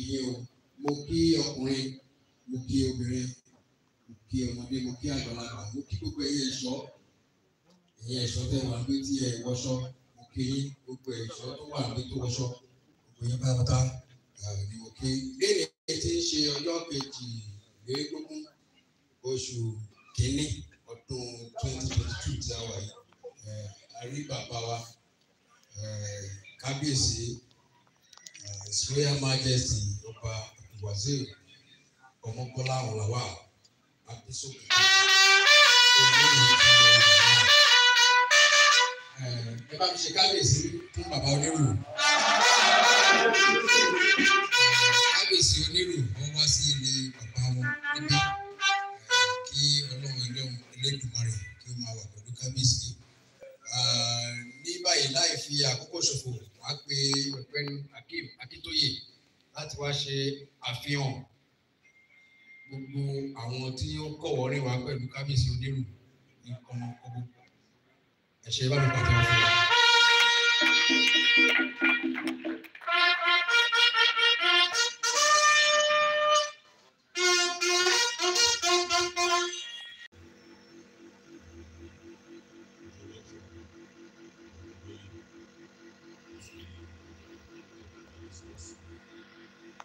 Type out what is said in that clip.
yìí o mo kí ọkùnrin mo kí obìnrin mo kí ọmọdé mo kí àgbàlagbà mo kí gbogbo ẹ̀yin ẹ̀ṣọ́ ẹ̀yin ẹ̀ṣọ́ tẹ́ wà pé tí ẹ wọṣọ mo kí yín gbogbo ẹ̀ṣọ́ tó wà pé tó wọṣọ gbogbo yín pátápátá eh, ni mo kí lẹ́yìn tí ń ṣe ọjọ́ kejìlélógún oṣù kínní ọdún twenty twenty two tí a wà yìí àrí eh, bàbá wa eh, kábíyèsí. His Royal Majesty Ọba Wazir Ọmọkọ́lá Ọ̀làwà Adésókè. Ẹ bá mi ṣe kábíyèsí fún bàbá onírù. Kábíyèsí onírù wọ́n wá sí ilé bàbá wọn níbí kí ọlọ́run ẹlẹ́dùnmarè kí ó máa wà pẹ̀lú kábíyèsí láì fi àkókò ṣòfò wá pé ọ̀gbẹ́ni akeem akitoye láti wá ṣe àfihàn gbogbo àwọn tí ó kọ̀wọ́ rìn wá pẹ̀lú kábíyèsí onírù ní ọmọ ọgbọ́n ẹ̀ṣẹ̀ bá mi pàtàkì.